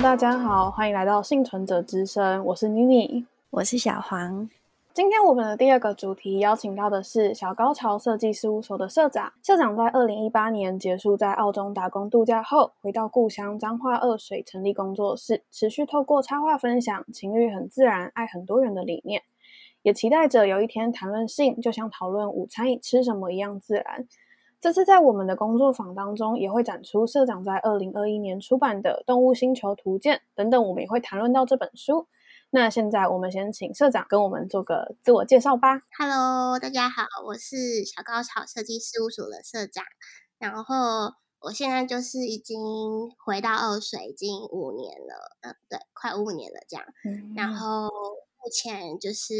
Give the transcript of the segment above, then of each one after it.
大家好，歡迎來到性存者之聲。我是妮妮，我是小黃。今天我們的第二個主題邀請到的是小高潮色計事務所的色長。色長在二零一八年結束在澳洲打工度假後，回到故鄉彰化二水成立工作室，持續透過插畫分享“情慾很自然，愛很多人的理念”，也期待着有一天談論性就像討論午餐吃什麼一樣自然。這次在我們的工作坊當中，也會展出色長在二零二一年出版的《動物腥球圖鑑》等等，我們也會談論到這本書。那現在我們先請色長跟我們做個自我介紹吧。Hello，大家好，我是小高潮色計事務所的色長。然後我現在就是已經回到二水已經五年了，嗯，對，快五年了這樣。然後目前就是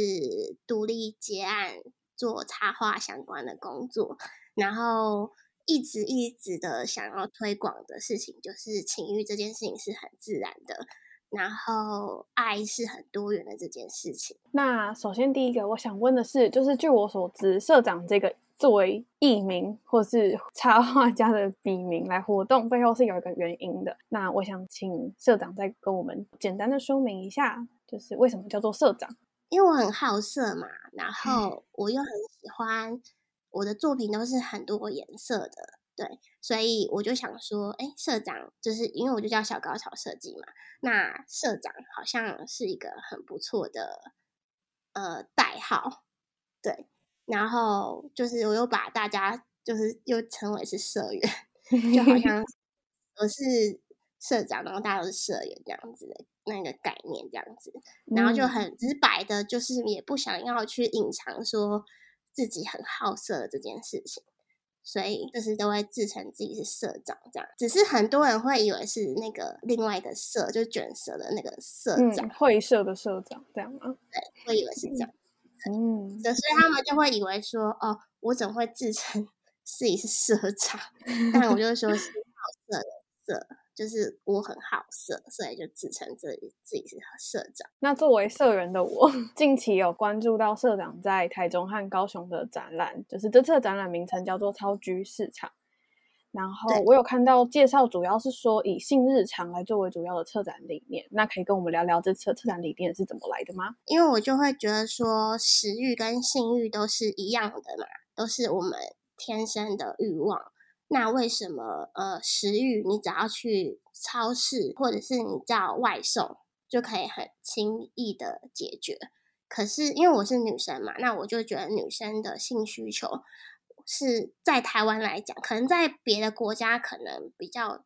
獨立接案，做插畫相關的工作。然後一直一直的想要推廣的事情，就是情欲這件事情是很自然的，然後愛是很多元的這件事情。那首先第一個我想問的是，就是據我所知，色長這個作為藝名或是插畫家的筆名來活動，背後是有一個原因的。那我想請色長再跟我們簡單的說明一下，就是為什麼叫做色長？因為我很好色嘛，然後我又很喜歡。我的作品都是很多顏色的，對，所以我就想說，誒、欸、色長就是因為我就叫小高潮色計嘛，那色長好像是一個很不錯的呃代號，對，然後就是我又把大家就是又稱為是色員， 就好像我是社長，然後大家都是社員這樣子的那個概念，這樣子，然後就很直白的，就是也不想要去隱藏說。自己很好色的這件事情，所以就是都會自稱自己是色長這樣。只是很多人會以為是那個另外一個社，就捲舌的那個社長、嗯、色的社長，會社的社長這樣嗎？對，會以為是這樣。嗯，所以他們就會以為說，哦，我怎麼會自稱自己是社長？但我就說是好色的色。 就是我很好色，所以就自稱自己自己是他色長。那作為社員的我，近期有關注到色長在台中和高雄的展覽，就是這次的展覽名稱叫做“超 G 市場”。然後我有看到介紹，主要是說以性日常來作為主要的策展理念。那可以跟我們聊聊這次的策展理念是怎麼來的嗎？因為我就會覺得說，食欲跟性欲都是一樣的嘛，都是我們天生的欲望。那為什麼呃食欲你只要去超市或者是你叫外送就可以很輕易的解決？可是因為我是女生嘛，那我就覺得女生的性需求是在台灣來講，可能在別的國家可能比較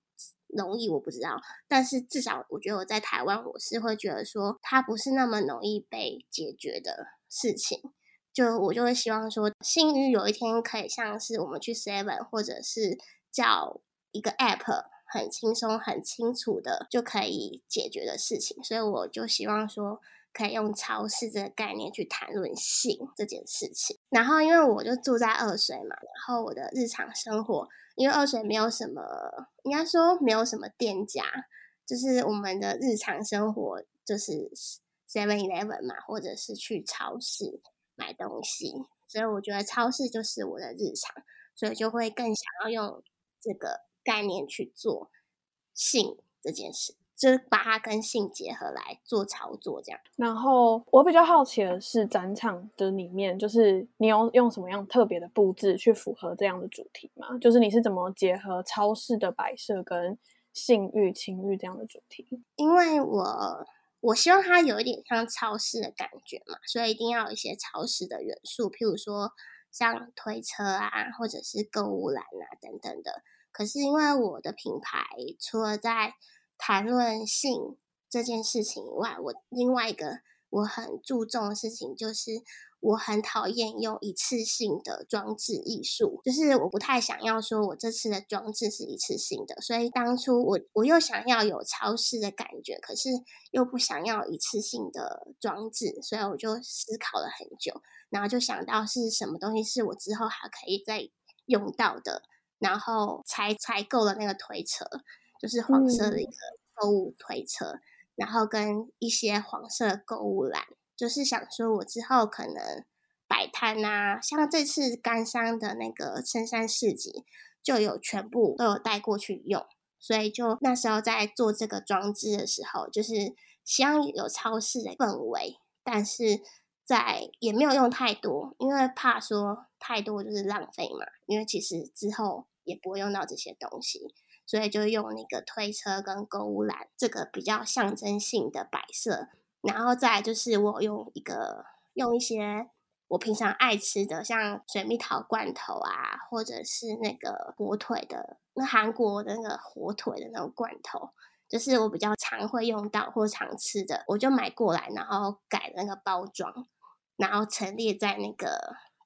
容易，我不知道。但是至少我覺得我在台灣我是會覺得說，它不是那麼容易被解決的事情。就我就會希望說，性慾有一天可以像是我們去 Seven 或者是叫一個 App，很輕鬆、很清楚的就可以解決的事情。所以我就希望說，可以用超市這個概念去談論性這件事情。然後，因為我就住在二水嘛，然後我的日常生活，因為二水沒有什麼，應該說沒有什麼店家，就是我們的日常生活就是 Seven Eleven 嘛，或者是去超市。買東西，所以我覺得超市就是我的日常，所以就會更想要用這個概念去做性這件事，就是把它跟性結合來做操作，這樣。然後我比較好奇的是，展場的裡面就是你有用什麼樣特別的布置去符合這樣的主題嗎？就是你是怎麼結合超市的擺設跟性慾、情慾這樣的主題？因為我。我希望它有一點像超市的感覺嘛，所以一定要有一些超市的元素，譬如說像推車啊，或者是購物籃啊等等的。可是因為我的品牌除了在談論性這件事情以外，我另外一個。我很注重的事情就是，我很討厭用一次性的裝置藝術，就是我不太想要說我這次的裝置是一次性的，所以當初我我又想要有超市的感覺，可是又不想要一次性的裝置，所以我就思考了很久，然後就想到是什麼東西是我之後還可以再用到的，然後才採購了那個推車，就是黃色的一個購物推車。嗯然後跟一些黃色購物籃，就是想說我之後可能擺攤吶、啊，像這次岡山的那個深山市集，就有全部都有帶過去用，所以就那時候在做這個裝置的時候，就是想有超市的氛圍，但是在也沒有用太多，因為怕說太多就是浪費嘛，因為其實之後也不會用到這些東西。所以就用那個推車跟購物籃這個比較象徵性的擺設，然後再來就是我用一個用一些我平常愛吃的，像水蜜桃罐頭啊，或者是那個火腿的，那韓國的那個火腿的那種罐頭，就是我比較常會用到或常吃的，我就買過來，然後改了那個包裝，然後陳列在那個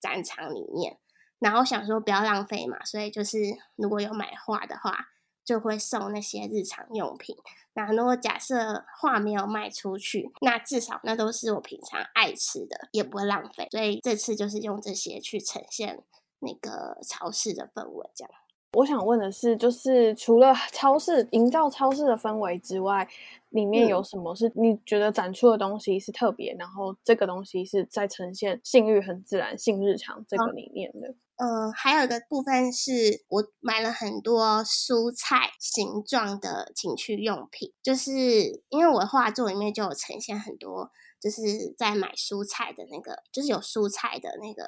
展場裡面。然後想說不要浪費嘛，所以就是如果有買畫的話。就會送那些日常用品。那如果假設畫沒有賣出去，那至少那都是我平常愛吃的，也不會浪費，所以這次就是用這些去呈現那個超市的氛圍。這樣，我想問的是，就是除了超市營造超市的氛圍之外，裡面有什麼是你覺得展出的東西是特別？然後這個東西是在呈現性慾很自然、性日常這個理念的。嗯嗯，還有一個部分是我買了很多蔬菜形狀的情趣用品，就是因為我畫作裡面就有呈現很多就是在買蔬菜的那個，就是有蔬菜的那個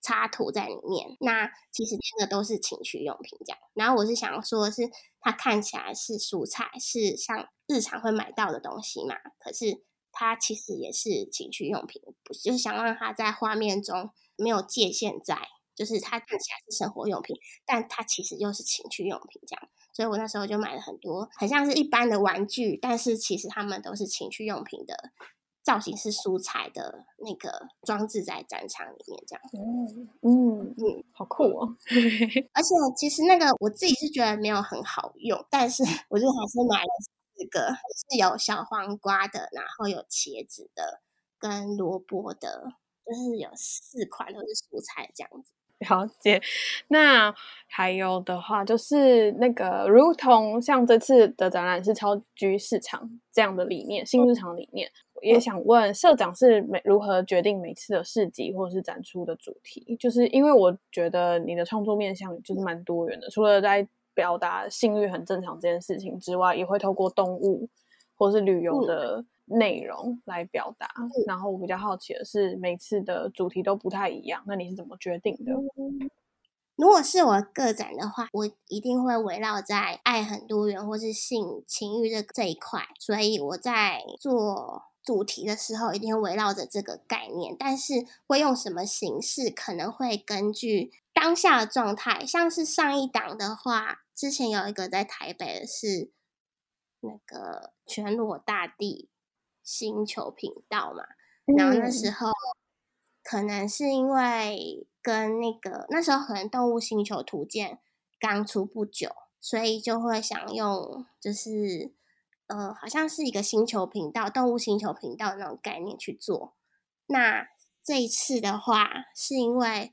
插圖在裡面。那其實這個都是情趣用品這樣。然後我是想說是它看起來是蔬菜，是像日常會買到的東西嘛，可是它其實也是情趣用品，就是想讓它在畫面中沒有界限在。就是它看起來是生活用品，但它其實又是情趣用品這樣。所以我那時候就買了很多，很像是一般的玩具，但是其實它們都是情趣用品的造型，是蔬菜的那個裝置在展場裡面這樣。嗯嗯嗯，好酷哦！ 而且其實那個我自己是覺得沒有很好用，但是我就還是買了四個，就是有小黃瓜的，然後有茄子的，跟蘿蔔的，就是有四款都是蔬菜這樣子。了解，那還有的話就是那個，如同像這次的展覽是超 G 市場這樣的理念，新市場理念，嗯、我也想問色長是每如何決定每次的市集或者是展出的主題？就是因為我覺得你的創作面向就是蠻多元的，嗯，除了在表達性慾很正常這件事情之外，也會透過動物或是旅遊的、嗯。內容來表達，然後我比較好奇的是，每次的主題都不太一樣，那你是怎麼決定的？如果是我個展的話，我一定會圍繞在愛很多元或是性情慾這這一塊，所以我在做主題的時候，一定會圍繞着這個概念，但是會用什麼形式，可能會根據當下的狀態。像是上一檔的話，之前有一個在台北的是那個全裸大地星球頻道嘛，然後那時候、嗯、可能是因為跟那個那時候可能《動物星球圖鑑》剛出不久，所以就會想用就是呃，好像是一個星球頻道、動物星球頻道那種概念去做。那這一次的話，是因為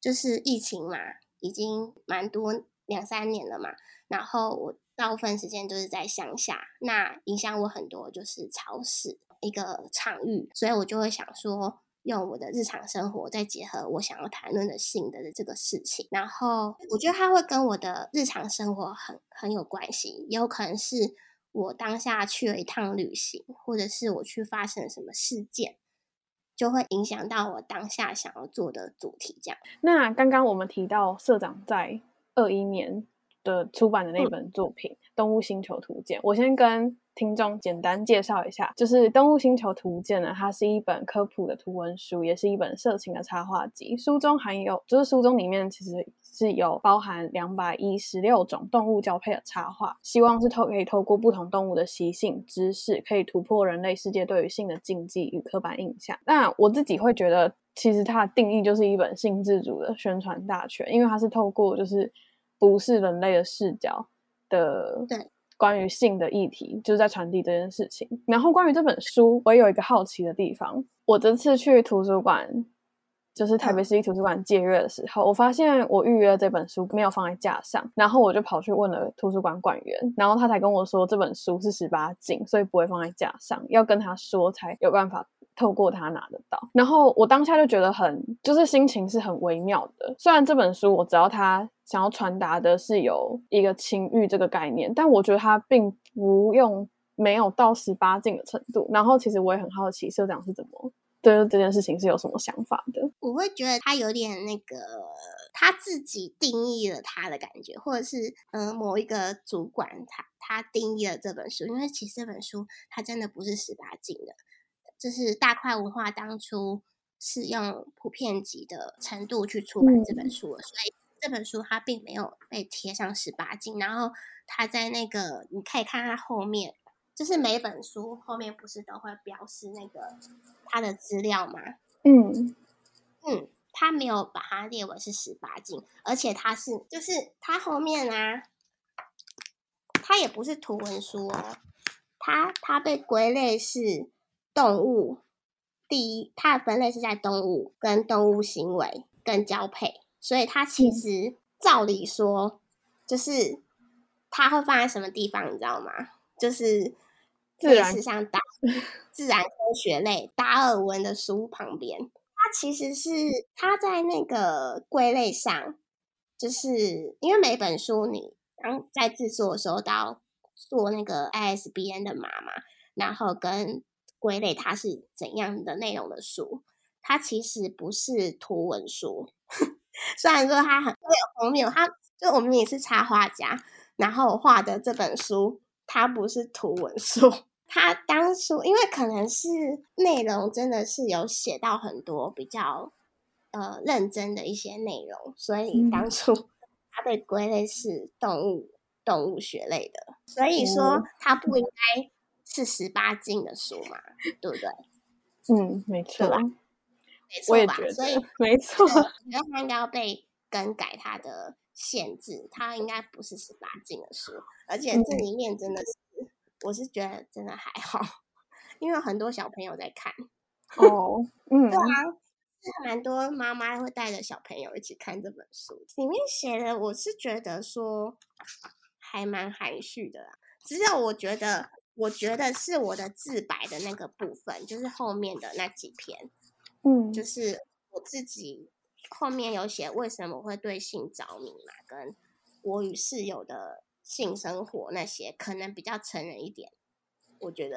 就是疫情嘛，已經蠻多兩三年了嘛，然後我。大部分時間都是在鄉下，那影響我很多就是潮濕一個場域，所以我就會想說，用我的日常生活再結合我想要談論的性格的這個事情，然後我覺得它會跟我的日常生活很很有關係，也有可能是我當下去了一趟旅行，或者是我去發生了什麼事件，就會影響到我當下想要做的主題。這樣。那剛、啊、剛我們提到色長在二一年。的出版的那本作品《嗯、動物腥球圖鑑》，我先跟聽眾簡單介紹一下。就是《動物腥球圖鑑》呢，它是一本科普的圖文書，也是一本色情的插畫集。書中含有，就是書中裡面其實是有包含兩百一十六種動物交配的插畫。希望是透可以透過不同動物的習性知識，可以突破人類世界對於性的禁忌與刻板印象。那我自己會覺得，其實它的定義就是一本性自主的宣傳大全，因為它是透過就是。不是人類的視角的，對關於性的議題，就是在傳遞這件事情。然後關於這本書，我也有一個好奇的地方。我這次去圖書館，就是台北市立圖書館借閱的時候，嗯，我發現我預約這本書沒有放在架上，然後我就跑去問了圖書館館員，然後他才跟我說這本書是十八禁，所以不會放在架上，要跟他說才有辦法。透過他拿得到，然後我當下就覺得很，就是心情是很微妙的。雖然這本書，我知道他想要傳達的是有一個情欲這個概念，但我覺得他並不用，沒有到十八禁的程度。然後其實我也很好奇色長是怎麼對這件事情是有什麼想法的？我會覺得他有點那個他自己定義了他的感覺，或者是呃某一個主管他他定義了這本書，因為其實這本書他真的不是十八禁的。就是大塊文化當初是用普遍級的程度去出版這本書，所以這本書它並沒有被貼上十八禁。然後它在那個你可以看它後面，就是每本書後面不是都會標示那個它的資料嗎？嗯嗯，它沒有把它列為是十八禁，而且它是就是它後面啊，它也不是圖文書哦，啊，它它被歸類是。動物第一，它的分類是在動物跟動物行為跟交配，所以它其實、嗯、照理說就是它會放在什麼地方，你知道嗎？就是事實上，大自、自然科學類達爾文的書旁邊，它其實是它在那個歸類上，就是因為每本書你剛在製作的時候到，到做那個 ISBN 的碼嘛，然後跟歸類它是怎樣的內容的書？它其實不是圖文書，呵呵雖然說它很多方面。它就我們也是插畫家，然後畫的這本書，它不是圖文書。它當初因為可能是內容真的是有寫到很多比較呃認真的一些內容，所以當初它被歸類是動物動物學類的。所以說它不應該。是十八禁的書嘛？對不對？嗯，沒錯吧？沒錯吧？所以沒錯，然後它應該要被更改它的限制。它應該不是十八禁的書，而且這裡面真的是，嗯、我是覺得真的還好，因為很多小朋友在看哦、 啊，嗯，對啊，蠻多媽媽會帶着小朋友一起看這本書。裡面寫的，我是覺得說還蠻含蓄的，啦，只是我覺得。我覺得是我的自白的那個部分，就是後面的那幾篇，嗯，就是我自己後面有寫為什麼會對性着迷嘛，跟我與室友的性生活那些，可能比較成人一點。我覺得，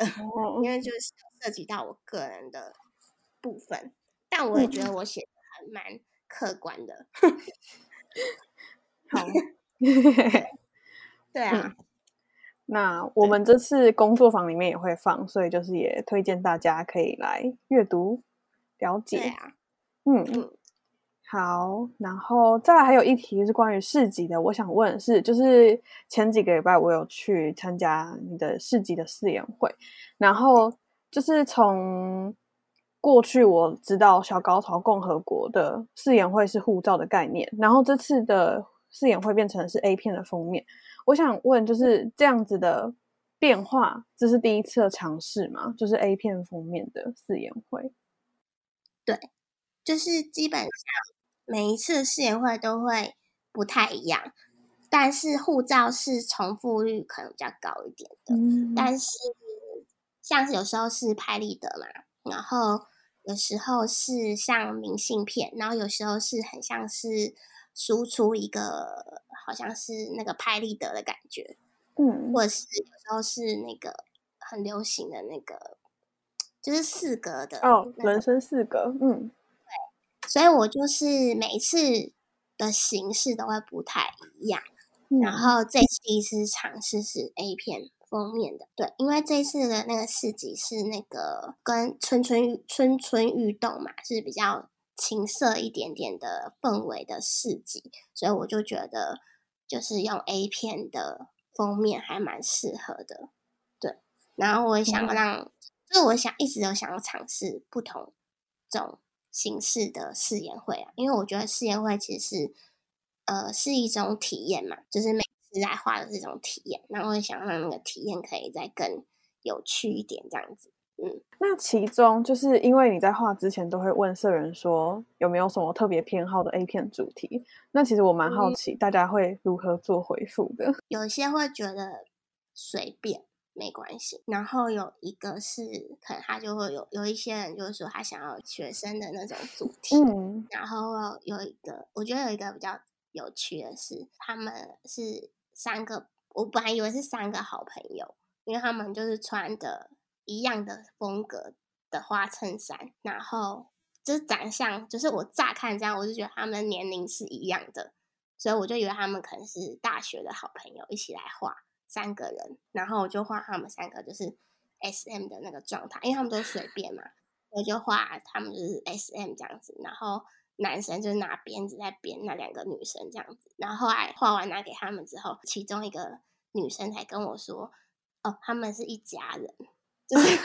因為就是涉及到我個人的部分，但我也覺得我寫的還蠻客觀的。好 對啊。那我們這次工作坊裡面也會放，所以就是也推薦大家可以來閱讀了解。呀，嗯嗯，好，然後再來還有一題是關於市集的，我想問是就是前幾個禮拜我有去參加你的市集的試演會，然後就是從過去我知道小高潮共和國的試演會是護照的概念，然後這次的試演會變成是 A 片的封面。我想問，就是這樣子的變化，這是第一次嘗試嗎？就是 A 片封面的試驗會，對，就是基本上每一次試驗會都會不太一樣，但是護照是重複率可能比較高一點的，嗯、但是像是有時候是拍立得嘛，然後有時候是像明信片，然後有時候是很像是。輸出一個好像是那個拍立得的感覺，嗯，或者是有時候是那個很流行的那個，就是四格的哦、就是那個，人生四格，嗯，對，所以我就是每一次的形式都會不太一樣，嗯、然後這一次一直嘗試是 A 片封面的，對，因為這次的那個設計是那個跟蠢蠢蠢蠢欲動嘛，是比較。情色一點點的氛圍的市集，所以我就覺得就是用 A 片的封面還蠻適合的。對，然後我也想讓，嗯、就是我想一直都想要嘗試不同種形式的試驗會啊，因為我覺得試驗會其實是呃是一種體驗嘛，就是每次來畫的這種體驗，然後也想讓那個體驗可以再更有趣一點，這樣子。嗯，那其中就是因為你在畫之前都會問色人說有沒有什麼特別偏好的 A 片主題，那其實我蠻好奇大家會如何做回復的。嗯、有些會覺得隨便沒關係，然後有一個是可能他就會有有一些人就是說他想要學生的那種主題，嗯、然後有一個我覺得有一個比較有趣的是他們是三個，我本來以為是三個好朋友，因為他們就是穿的。一樣的風格的花襯衫，然後就是長相，就是我乍看這樣，我就覺得他們年齡是一樣的，所以我就以為他們可能是大學的好朋友，一起來畫三個人，然後我就畫他們三個就是 SM 的那個狀態，因為他們都是隨便嘛，我就畫他們就是 SM 這樣子，然後男生就拿鞭子在鞭那兩個女生這樣子，然後後來畫完拿給他們之後，其中一個女生才跟我說，哦，他們是一家人。就是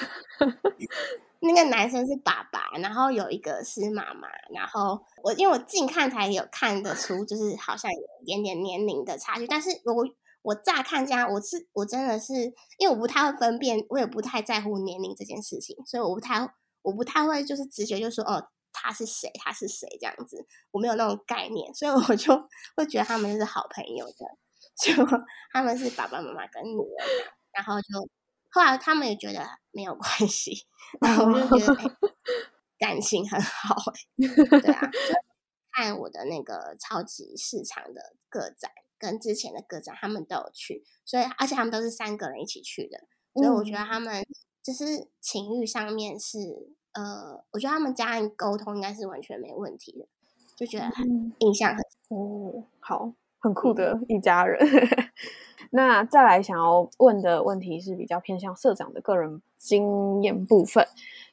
那個男生是爸爸，然後有一個是媽媽，然後我因為我近看才有看得出，就是好像有一點點年齡的差距。但是我我乍看這樣，我是我真的是因為我不太會分辨，我也不太在乎年齡這件事情，所以我不太我不太會就是直覺就說，哦，他是誰，他是誰這樣子，我沒有那種概念，所以我就會覺得他們就是好朋友的，就他們是爸爸媽媽跟女兒，然後就。後來他們也覺得沒有關係，然後我就覺得、欸、 感情很好、欸。對啊，看我的那個超 G 市場的個展跟之前的個展，他們都有去，所以而且他們都是三個人一起去的，所以我覺得他們就是情欲上面是、嗯、呃，我覺得他們家人溝通應該是完全沒問題的，就覺得印象很酷、嗯哦，好，很酷的一家人。嗯 那再來想要問的問題是比較偏向色長的個人經驗部分,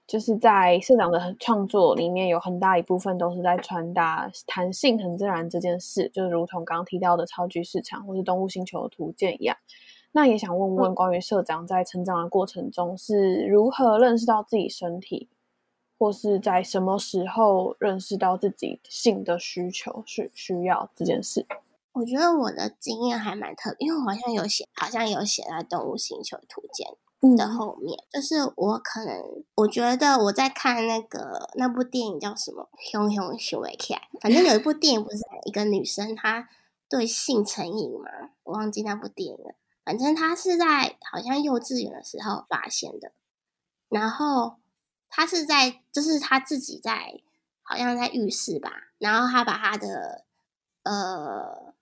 就是在色長的創作裡面有很大一部分都是在傳達談性很自然這件事，就如同剛剛提到的超 G 市場或是動物腥球的圖鑑一樣。那也想問問關於色長在成長的過程中是如何認識到自己身體，或是在什麼時候認識到自己性的需求是需要這件事。我覺得我的經驗還蠻特別，因為我好像有寫，好像有寫在《動物腥球圖鑑》的後面、嗯。就是我可能我覺得我在看那個那部電影叫什麼《熊熊學維克》，反正有一部電影不是一個女生她對性成癮嘛，我忘記那部電影了。反正她是在好像幼稚園的時候發現的，然後她是在就是她自己在好像在浴室吧，然後她把她的呃。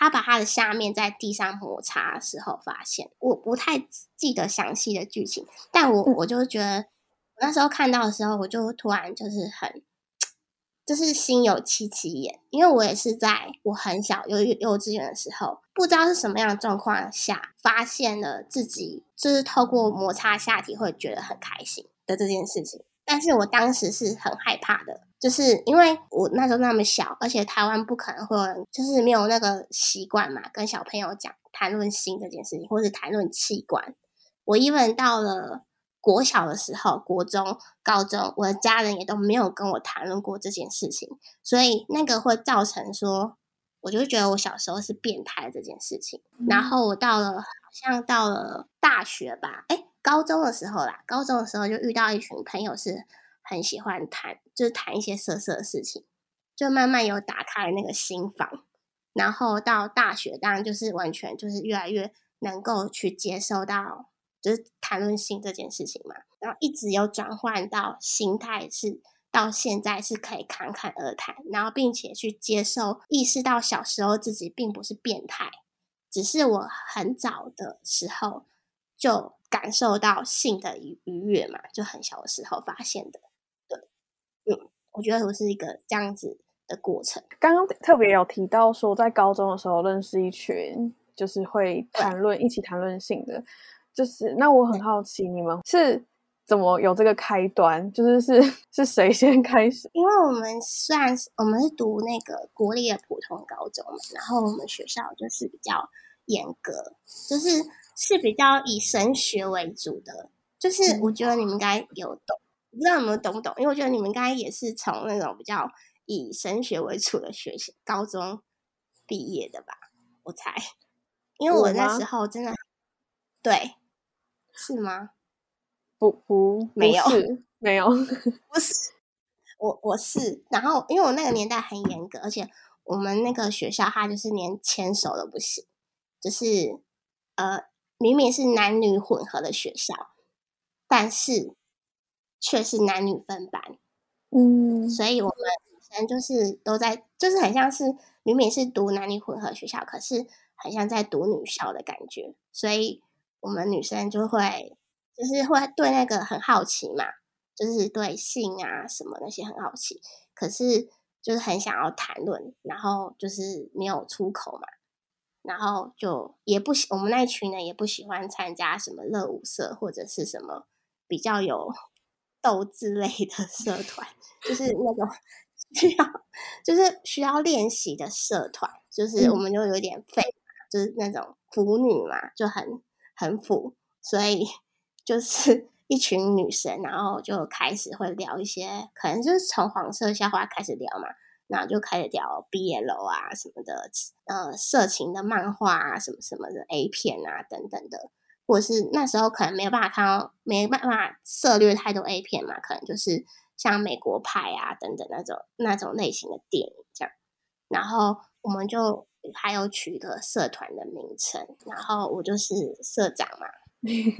他把他的下面在地上摩擦的時候，發現，我不太記得詳細的劇情，但我我就覺得，我那時候看到的時候，我就突然就是很，就是心有戚戚焉，因為我也是在我很小幼幼稚園的時候，不知道是什麼樣的狀況下，發現了自己就是透過摩擦下體會覺得很開心的這件事情，但是我當時是很害怕的。就是因為我那時候那麼小，而且台灣不可能會有人，就是沒有那個習慣嘛，跟小朋友講談論性這件事情，或是談論器官。我因為到了國小的時候、國中、高中，我的家人也都沒有跟我談論過這件事情，所以那個會造成說，我就覺得我小時候是變態這件事情，嗯。然後我到了，好像到了大學吧，誒，高中的時候啦，高中的時候就遇到一群朋友是。很喜歡談，就是談一些色色的事情，就慢慢有打開那個心房，然後到大學，當然就是完全就是越來越能夠去接受到，就是談論性這件事情嘛，然後一直有轉換到心態是，是到現在是可以侃侃而談，然後並且去接受，意識到小時候自己並不是變態，只是我很早的時候就感受到性的愉愉悅嘛，就很小的時候發現的。嗯，我覺得我是，是一個這樣子的過程。剛剛特別有提到說，在高中的時候認識一群，就是會談論一起談論性的，就是那我很好奇，你們是怎麼有這個開端？就是是是誰先開始？因為我們雖然是我們是讀那個國立的普通高中嘛，然後我們學校就是比較嚴格，就是是比較以神學為主的。就是我覺得你們應該有懂。嗯不知道你們懂不懂，因為我覺得你們剛才也是從那種比較以升學為主的學校高中畢業的吧？我猜，因為我那時候真的對是嗎？不不，沒有，不是沒有，不是，我我是，然後因為我那個年代很嚴格，而且我們那個學校它就是連牽手都不行，就是呃，明明是男女混合的學校，但是。卻是男女分班，嗯，所以我們女生就是都在，就是很像是明明是讀男女混合學校，可是很像在讀女校的感覺。所以我們女生就會就是會對那個很好奇嘛，就是對性啊什麼那些很好奇，可是就是很想要談論，然後就是沒有出口嘛，然後就也不喜我們那群人也不喜歡參加什麼熱舞社或者是什麼比較有樓之類的社團，就是那種需要就是需要練習的社團，就是我們就有點廢，就是那種腐女嘛，就很很腐，所以就是一群女生，然後就開始會聊一些，可能就是從黃色笑話開始聊嘛，然後就開始聊 BL 啊什麼的，呃，色情的漫畫啊什麼什麼的 A 片啊等等的。或是那時候可能沒有辦法看到，沒辦法涉獵太多 A 片嘛，可能就是像美國派啊等等那種那種類型的電影這樣。然後我們就還有取一個社團的名稱，然後我就是社長嘛。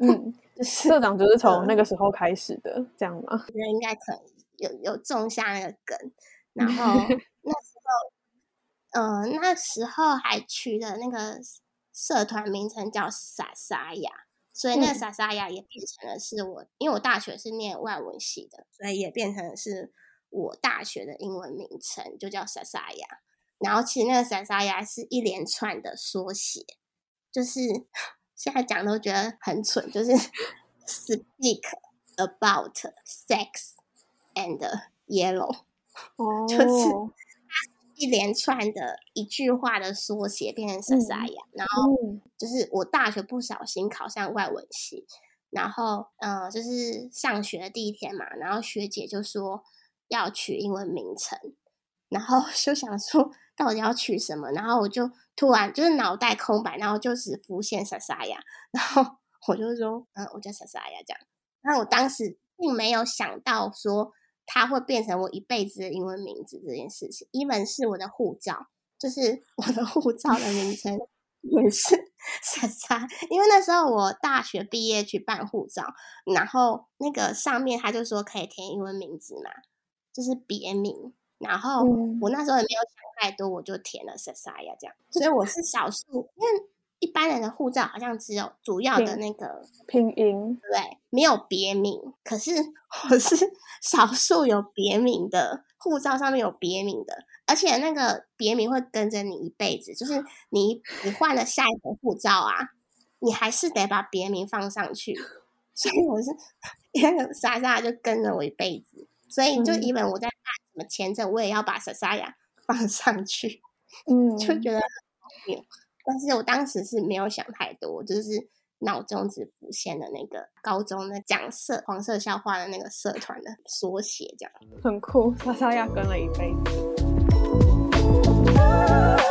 嗯，社長就是從那個時候開始的， 這樣嗎？我覺得應該可以，有有種下那個梗。然後那時候，呃，那時候還取了那個。社團名稱叫莎莎雅，所以那個莎莎雅也變成了是我，因為我大學是念外文系的，所以也變成了是我大學的英文名稱，就叫莎莎雅。然後其實那個莎莎雅是一連串的縮寫，就是現在講都覺得很蠢，就是 speak about sex and yellow，oh，就是。一連串的一句話的縮寫變成莎莎呀，然後就是我大學不小心考上外文系，然後嗯、呃，就是上學的第一天嘛，然後學姐就說要取英文名稱，然後就想說到底要取什麼，然後我就突然就是腦袋空白，然後就是浮現莎莎呀，然後我就說嗯，我叫莎莎呀這樣，然後我當時並沒有想到說。他會變成我一輩子的英文名字這件事情，英文是我的護照，就是我的護照的名稱也是 Sasa。因為那時候我大學畢業去辦護照，然後那個上面他就說可以填英文名字嘛，就是別名。然後我那時候也沒有想太多，我就填了 Sasa 呀這樣。所以我是少數，因為。一般人的護照好像只有主要的那個拼，拼音，對，沒有別名。可是我是少數有別名的護 照，上面有別名的，而且那個別名會跟着你一輩子。就是你你換了下一個護照啊，你還是得把別名放上去。所以我是那個莎莎就跟着我一輩子，所以就因為我在辦什麼簽證，我也要把莎莎呀放上去。嗯， 就覺得很。但是我當時是沒有想太多，就是腦中只浮現的那個高中的講色黃色笑話的那個社團的縮寫，這樣，很酷，莎莎要跟了一輩子。